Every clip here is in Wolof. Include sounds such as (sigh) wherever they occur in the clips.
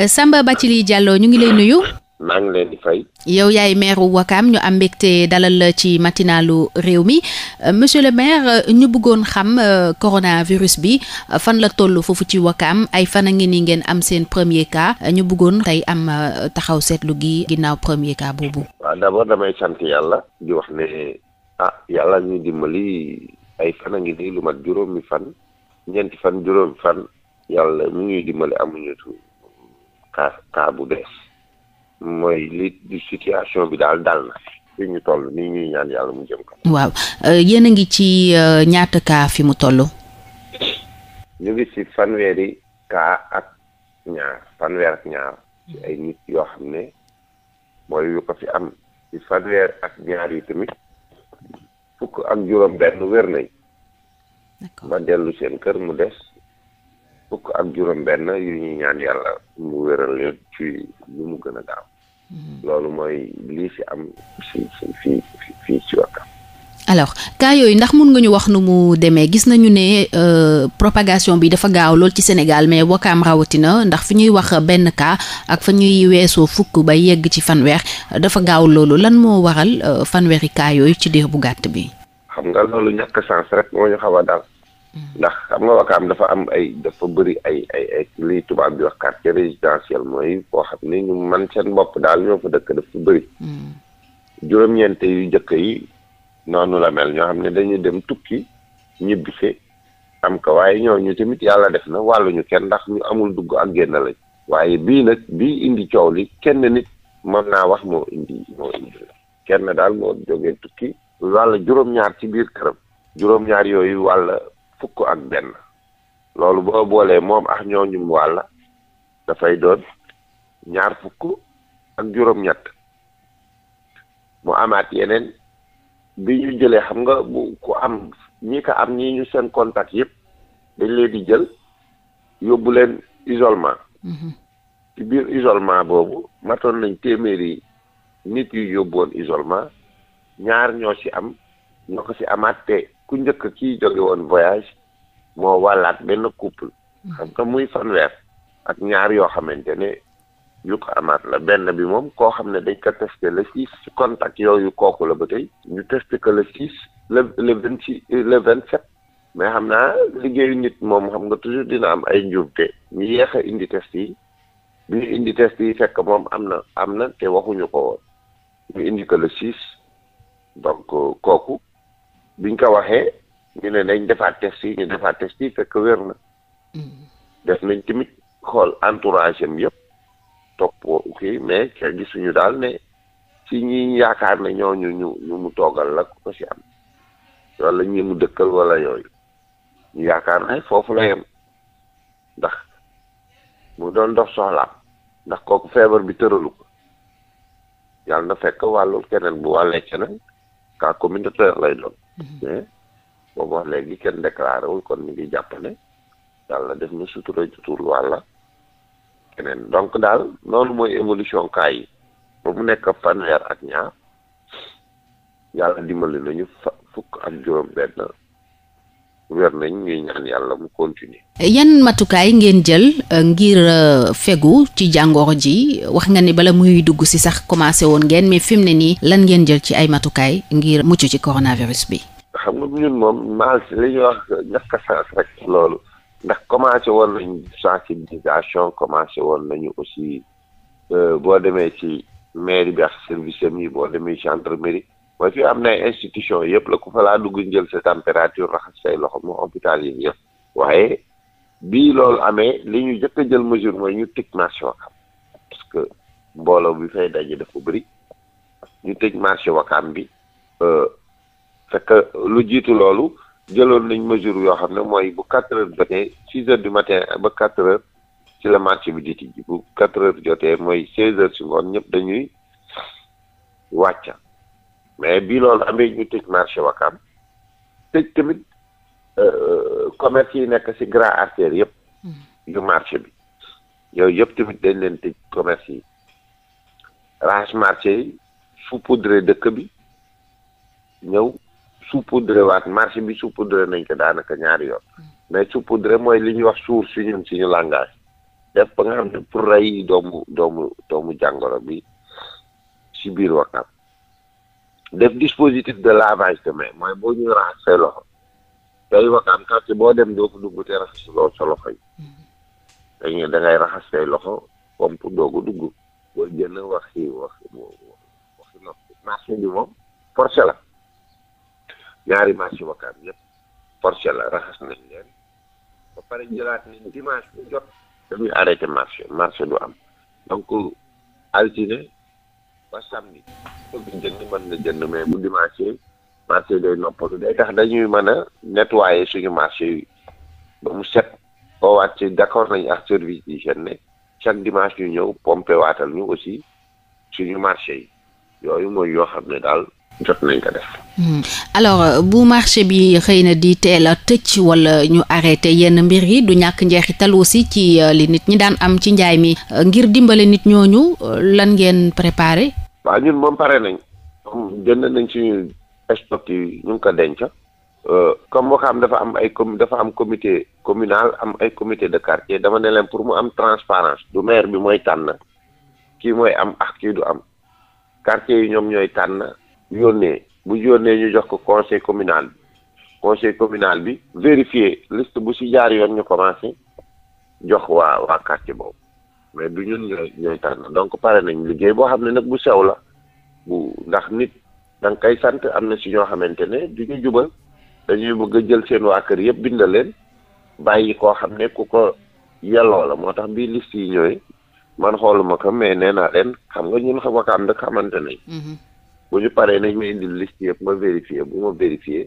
Euh, Samba Bathily Diallo ñu ngi lay nuyu. maa ngi leen di fay. yow yaay maire Ouakam ñu am mbégte dalal ci matinalu réew mi euh, monsieur le maire euh, ñu bëggoon xam coronavirus bi fan la toll foofu ci Ouakam ay fan a ngi ni ngeen am seen premier cas ñu bëggoon tey am taxaw seetlu gi ginnaaw premier cas boobu. waaw d'abord damay sant yàlla di wax ne ah yàlla ñu dimbali ay fan a ngi nii lu juróomi fan ñeenti fan juróomi fan yàlla mu ngi dimbali amuñu cas cas bu bees mooy li situation bi daal dal na fi ñu toll ni ñuy ñaan yàlla mu jëm kanam. waaw euh, yéen a ngi ci euh, ñaata cas fi mu toll. ñu ngi ci fanweeri cas ak ñaar fanweer ak ñaar ci ay nit yoo xam ne mooy yu ko fi am ci fanweer ak ñaar yi tamit fukk ak juróom benn wér nañ. ba dellu seen kër mu des. fukk ak juróom-benn yu ñu ñaan yàlla mu wéral leen ci lu mu gën a gaaw. Hmm. loolu mooy lii fi am si si yooyu ndax mun nga ñu wax nu mu demee gis nañu ne euh, propagation bi dafa gaaw lool ci senegal mais Wakaam rawatina ndax fi ñuy wax benn kaa ak fa ñuy weesoo fukk ba yegg ci fanweer dafa gaaw loolu lan moo waral euh, fanweeri yooyu ci diir bu gàtt bi. xam nga loolu ñàkk sens rek moo ñu xaw a ndax xam nga am dafa am ay dafa bari ay ay ay lii tubaab bi wax quartier résidentiel mooy foo xam ne ñu man seen bopp daal ñoo fa dëkk dafa bëri mm. juróom-ñeente yu jëkk yi noonu la mel ñoo xam ne dañuy dem tukki ñibbise am ka waaye ñu tamit yàlla def na wàlluñu kenn ndax ñu amul dugg ak génn lañ waaye bii nag bii indi coow li kenn nit mën naa wax moo indi moo indi la kenn daal moo jógee tukki wàlla juróom-ñaar ci biir këram juróom-ñaar fukk ak benn loolu boo boolee moom ak ñooñum wàlla dafay doon ñaar fukk ak juróom-ñett mu amaat yeneen bi ñu jëlee xam nga bu ku am ñi ko am ñii ñu seen contact yëpp dañ leen di jël yóbbu leen isolement mhm. ci biir isolement boobu matoon nañ téeméeri nit yu yóbboon isolement ñaar ñoo ci am ñoo ko ci amaat te ku njëkk ki joge woon voyage moo wàllaat benn couple mm-hmm. xam nga muy fanweer ak ñaar yoo xamante ne yu ko amaat la benn bi moom koo xam ne dañ ko testé le six ci contact yooyu kooku la ba tey ñu testé que le six le le vingt six le vingt mais xam naa liggéeyu nit moom xam nga toujours dina am ay njuumte ñu yeex a indi test yi bi ñu indi test yi fekk moom am na am na te waxuñu ko woon ñu indi que le six donc kooku biñ ko waxee ñu ne dañ defaat test yi ñu defaat test fekk wér na mm. def nañ timit xool entourage am yëpp topp kii mais ke gisuñu daal ne ci ñi yaakaar ne ñooñu ñu ñu mu toogal la ko si am wala ñi mu dëkkal walla yooyu ñu yaakaar ne foofu la yem ndax mu doon dox soxlaam ndax kooku feebar bi tëralu ko yàlla na fekk wàllu keneen bu wàllee keneen cas communautaire lay doon mais boobu wax léegi kenn déclaré kon ñu ngi jàpp ne yàlla def na sutura jutul wàlla keneen donc daal loolu mooy évolution kaay yi ba mu nekk fanweer ak ñaar yàlla dimbali nañu fa fukk ak juróom benn wér nañ ñuy ñaan yàlla mu continuer yan matukaay ngeen jël euh, ngir euh, fegu ci jàngoro ji wax nga ni bala muy dugg si sax commencé woon ngeen mais fi ne nii lan ngeen jël ci ay matukaay ngir mucc ci coronavirus bi xam nga ñun moom maal li ñuy wax ñàkk sens rek loolu ndax commencé woon nañu sensibilisation commencé woon nañu aussi euh, boo demee ci mairie bi ak service am yi boo demee gendarmerie mooy fii am na institution yëpp la ku fa laa dugg jël sa température raxas say loxo mu hôpital yi yëpp waaye bii loolu amee li ñu jëkk jël mesure mooy ñu tëj marché wakaam parce que mbooloo bi fay daje dafa bëri ñu tëj marché wakaam bi euh, fekk lu jiitu loolu jëloon nañ mesure yoo xam ne mooy bu quatre heures jotee six heures du matin ba quatre heures ci la marché bi di tijji bu quatre heures jotee mooy seize heures si ngoon ñëpp dañuy wàcca mais bii loolu amee ñu tëj marché Wakam tëj tamit euh, commerce yi nekk ci grand artère yëpp mm-hmm. yu marché bi yooyu yëpp tamit dañ leen tëj commerce yi raxas marché yi saupoudré dëkk bi ñëw saupoudré waat marché bi saupoudré nañ ko daanaka ñaari yoon mm-hmm. mais saupoudré mooy li ñuy wax suur si ñun suñu langage def ba nga xam ne pour rey doomu doomu doomu jàngoro bi si biir Wakam def dispositif de lavage de main mooy boo ñuy raxas say loxo tey wakaam quartier boo dem doo ko dugg te raxas lool sa loxo yi dangay da raxas say loxo pompe doo dugg boo jënd waxi waxi waxi no marché moom forcé la ñaari marché wakaam yëpp forcé la raxas nañ leen ba pare jëlaat nañ dimanche bu jot dañuy arrêté marché du am donc altine ba samedi bëgg jënd mën noppalu day tax dañuy mën a suñu marché yu ba mu set koo waat ci d'accord nañu ak service d'hygiène ne chaque dimanche ñu ñëw pompe waatal ñu aussi suñu marché yi yooyu mooy yoo xam ne daal jot nañ ko def. Hmm. alors euh, bu marché bi xëy na di teel a tëj wala ñu arrêté yenn mbir yi du ñàkk njeexital aussi ci euh, li nit ñi daan am ci njaay mi euh, ngir dimbale nit ñooñu lan ngeen préparé. waaw ñun moom pare nañ comme jënd nañ ci stock yi ñu ngi ko denc euh, comme waxam dafa am ay com dafa am comité communal am ay comité de quartier dama ne pour mu am transparence du maire bi mooy tànn kii mooy am ak kii du am quartier yi ñoom ñooy tànn yónnee bu yónnee ñu jox ko conseil communal bi conseil communal bi vérifier liste bu si jaar yoon ñu commencé jox waa waa quartier boobu mais du ñun ñooy ñooy tànn donc pare nañ liggéey boo xam ne nag bu sew la bu ndax nit da kay sant am na si ñoo xamante ne du ñu jubal dañuy bëgg a jël seen waa kër yëpp bind leen bàyyi koo xam ne ku ko yelloo la moo tax bii liste yi ñooy man xooluma ka mais nee naa leen xam nga ñun xam nga am xamante nañ mhm. bu ñu paree nañ ma indil yëpp ma vérifier bu ma vérifier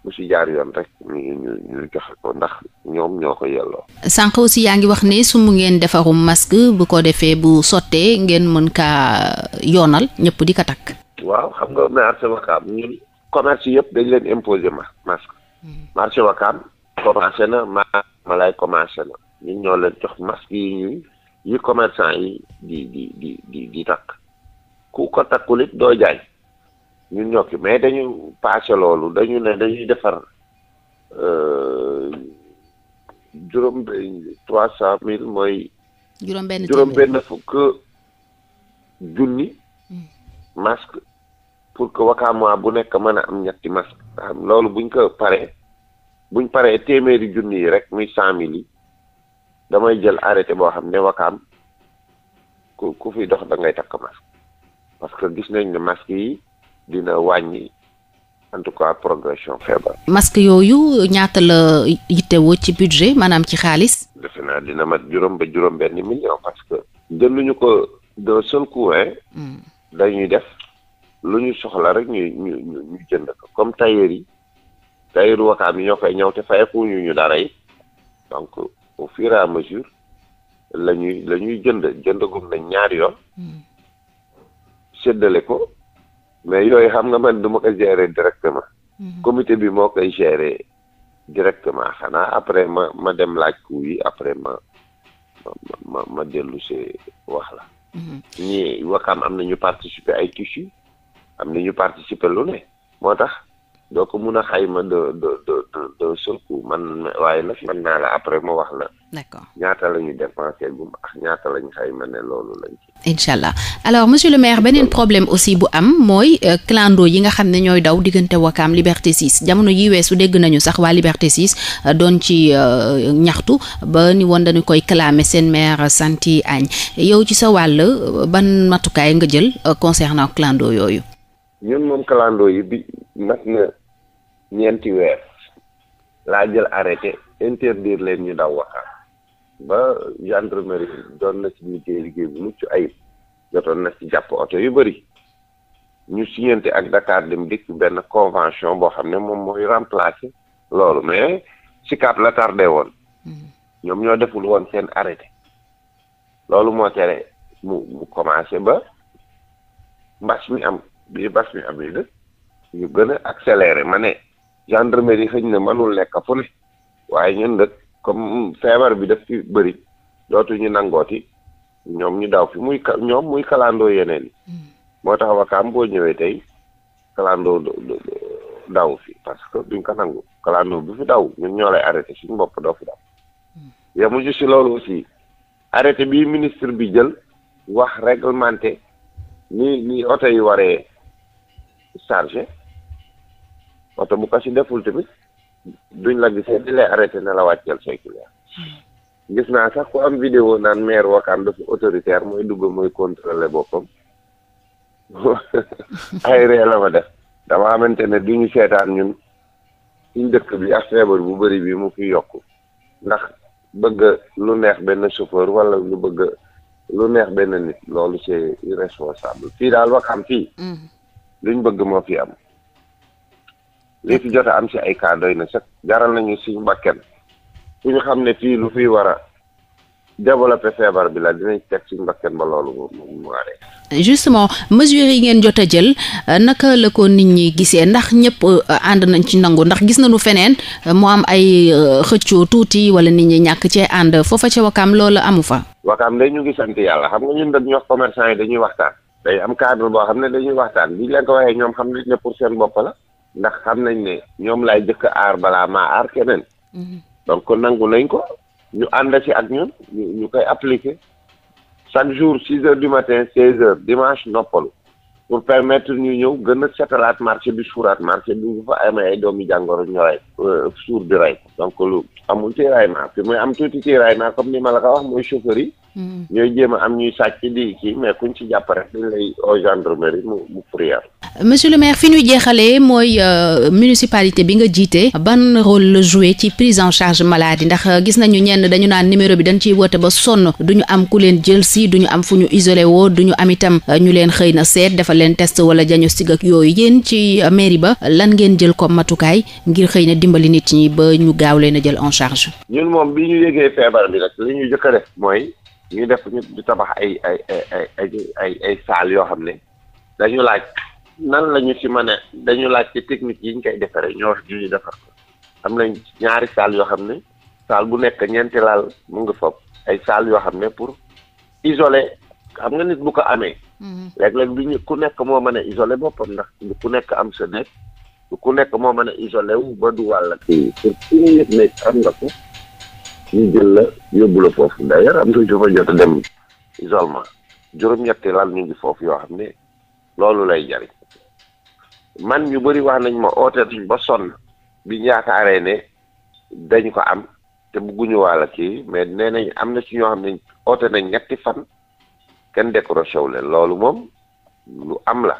bu si jaar yoon rek ñu ñu ñu ko ndax ñoom ñoo ko yelloo. sànq aussi yaa ngi wax ni su ngeen defarum masque bu ko defee bu sottee ngeen mën kaa yoonal ñëpp di ko takk. waaw xam nga marché Wakaam ñun commerce yëpp dañ leen imposer ma masque. Hmm. ma Wakaam commencé na ma malay commencé na ñun ñoo leen jox masque yi ñuy yi commerçant yi di di di di takk ku ko takkul it doo jaay. ñu ñokki mais dañu passé loolu dañu ne dañuy defar euh, juróom trois cent mille mooy. juróom benn fukk junni. Hmm. masque pour que wakaamaa bu nekk mën a am ñetti masque loolu buñ ko paree buñ paree téeméeri junni yi rek muy cent mille yi damay jël arrêté boo xam ne wakaam ku ku fi dox da ngay takk masque parce que gis nañ ne masque yi. dina wàññi en tout cas progression feebar. masque yooyu ñaata la yittewoo ci budget maanaam ci xaalis. defe naa dina mat juróom ba juróom benn million parce que. jëluñu ko d'un seul coup hmm. dañuy def lu ñu soxla rek ñu ñu ñu jënd ko comme tailleur yi tailleur wakaam yi ñoo koy ñëw te fayekuñu ñu dara yi donc au fur à mesure la ñuy la jënd jëndagum nañ ñaari yoon hmm. séddale ko. mais yooyu xam nga man du ma ko gérer directement. Mhm. comité bi moo koy gérer directement xanaa après ma ma dem laaj ku yi après ma ma ma ma dellu si wax la. Mhm. ñii waxam am na ñu participer ay tissus am na ñu participer lu ne moo tax. doo ko mun a xayma de de de de man waaye nag mën naa la après ma wax la. d'accord ñaata la ñu dépensé gum ak ñaata la ñu xayma ne loolu lañ ci. incha allah le maire beneen problème aussi bu am mooy euh, clando yi nga xam ne ñooy daw diggante Wakaam Liberté 6 jamono yi weesu dégg nañu sax waa Liberté 6 euh, doon ci euh, ñaxtu ba ni woon dañu koy clamer seen maire Santy Agne yow ci sa wàll ban matukaay nga jël concernant clando yooyu. ñun moom ñeenti weer laa jël arrêté interdire leen ñu daw Wakam ba gendarmerie doon na ci liggéey liggéey bu mucc ayib jotoon na ci jàpp oto yu bëri ñu signante ak Dakar dem dikk benn convention boo xam ne moom mooy remplacer loolu mais SICAP la tardé woon mm-hmm. ñoom ñoo deful woon seen arrêté loolu moo tere mu mu commencé ba mbas mi am bi mbas mi am yi ñu gën a accéléré ma ne gendarmerie xëñ na mënul nekk fu ne waaye ñun nag comme feebar bi def fi bëri dootuñu nangooti ñoom ñu daw fi muy ñoom muy kalandoo yeneen yi hmm. moo tax wakaam boo ñëwee tey kalandoo daw fi parce que duñ ko nangu kalandoo bu fi daw ñu ñoo lay arrêté suñu bopp doo fi daw hmm. yemuñu si loolu aussi arrêté bi ministre bi jël wax réglementé ni ni oto yi waree chargé oto bu kasi deful tamit duñ la gisee di lay arrêté ne la wàcceel say client gis naa sax ku am vidéo naan maire Wakam dafa autoritaire mooy dugg mooy contrôler boppam (laughs) ay ree la ma def dama xamante ne duñu seetaan ñun suñ dëkk bi ak feebar bu bëri bi mu fi yokk ndax bëgg lu neex benn sopor wala lu bëgg lu neex benn nit loolu c'est irresponsable fii daal wakaam fii mm. luñ bëgg moo fi am li fi jot am si ay cas doy na sax jaral nañu suñu bakkan fu ñu xam ne fii lu fi war a développé feebar bi la dinañ teg suñu bakkan ba loolu mu waree. yi ngeen jot a jël naka nit ñi gisee ndax ñëpp euh, ànd nañ ci nangu ndax gis nañu feneen euh, mu am ay euh, xëccoo tuuti wala nit ñi ñàkk cee ànd foofa ca Wakaam loolu amu fa. Wakaam day ñu ngi sant yàlla xam nga ñun dañuy wax commerçant yi dañuy waxtaan. day am cadre boo xam ne dañuy waxtaan bi ñu leen ko waxee ñoom xam nañ ne pour seen bopp la. ndax xam nañ ne ñoom lay jëkk aar balaa maa aar keneen donc nangu nañ ko ñu ànd ci ak ñun ñu koy appliquer chaque jour six heures du matin seize heures dimanche noppalu pour permettre ñu ñëw gën a setalaat marché bi suuraat marché bi bu fa amee ay doomi jàngoro ñu euh, suur di rey donc lu amul tiraillement fi muy am tuuti tiraillement comme ni ma la ko wax mooy chauffeur yi mm. ñooy jéem am ñuy sàcc di kii mais kuñ ci jàpp rek dañ lay au gendarmerie mu mu prière monsieur le maire fi ñuy jeexalee mooy euh, municipalité bi nga jiite ban rôle le joué ci prise en charge maladie ndax euh, gis nañu ñenn dañu naan numéro bi dañ ciy woote ba sonn du ñu am ku leen jël si du ñu am fu ñu isolé woo du ñu am itam euh, ñu leen xëy na seet dafa leen test wala diagnostic ak yooyu yéen ci mairie ba lan ngeen jël ko matukaay ngir xëy na dimbali nit ñi ba ñu gaaw leen a jël en charge. ñun moom bi ñu yëgee feebar bi rek li ñu njëkk def mooy ñu def ñu yoo nan la ñu ci mën a dañu laaj ci technique yi ñu koy defaree ñoo ñu ñu defar ko am na ñaari saal yoo xam ne saal bu nekk ñeenti laal mu ngi fopp ay saal yoo xam ne pour isoler xam nga nit bu ko amee. Mm-hmm. léeg-léeg du ñu ku nekk moo mën ne isoler boppam ndax du ku nekk am sa nekk ku nekk moo mën a isoler wu ba du wàll. pour ku nekk am nga ko ñu jël la yóbbu la foofu d'ailleurs am na ñu fa jot a dem isolement juróom-ñetti laal ñu ngi foofu yoo xam loolu lay jariñ man ñu bëri wax nañ ma ooteetuñ ba sonn biñ yaakaaree ne dañ ko am te bugguñu wàll kii mais nee nañ am na si ñoo xam ne oote nañ ñetti fan kenn décroché wu leen loolu moom lu am la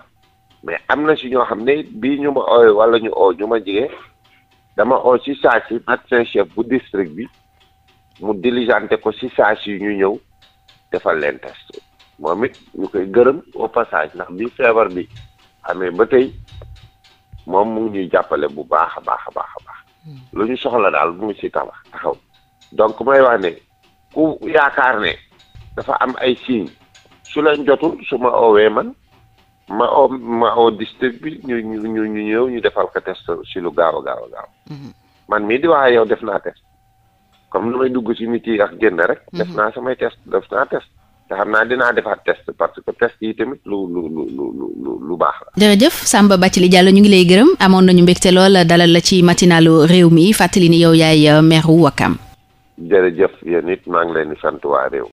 mais am na si ñoo xam ne bii ñu ma ooyee wala ñu oo ñu ma jege dama oo ci saa si médecin chef bu district bi mu diligenté ko si saa si ñu ñëw defal leen test. moom it ñu koy gërëm au passage ndax bi feebar bi amee ba tey moom mu ñuy jàppale bu baax a baax a baax a baax hmm. lu ñu soxla daal mu ngi si tabax taxaw donc may wax ne ku yaakaar ne dafa am ay signes su leen jotu su ma oowee man ma oo ma oo district bi ñu ñu ñëw ñu defal ko test si lu gaaw a gaaw a gaaw hmm. man mii di wax yow def naa test comme nu may dugg si nit yi ak génn rek def hmm. naa samay test def naa test te xam naa dinaa defaat test parce que test yi tamit lu lu lu lu lu baax la. jërëjëf Samba li Diallo ñu ngi lay gërëm amoon nañu mbégte lool dalal la ci matinalu réew mi fàttali ni yow yaay euh, meeru Wakam. jërëjëf yéen it maa ngi leen di sant réew.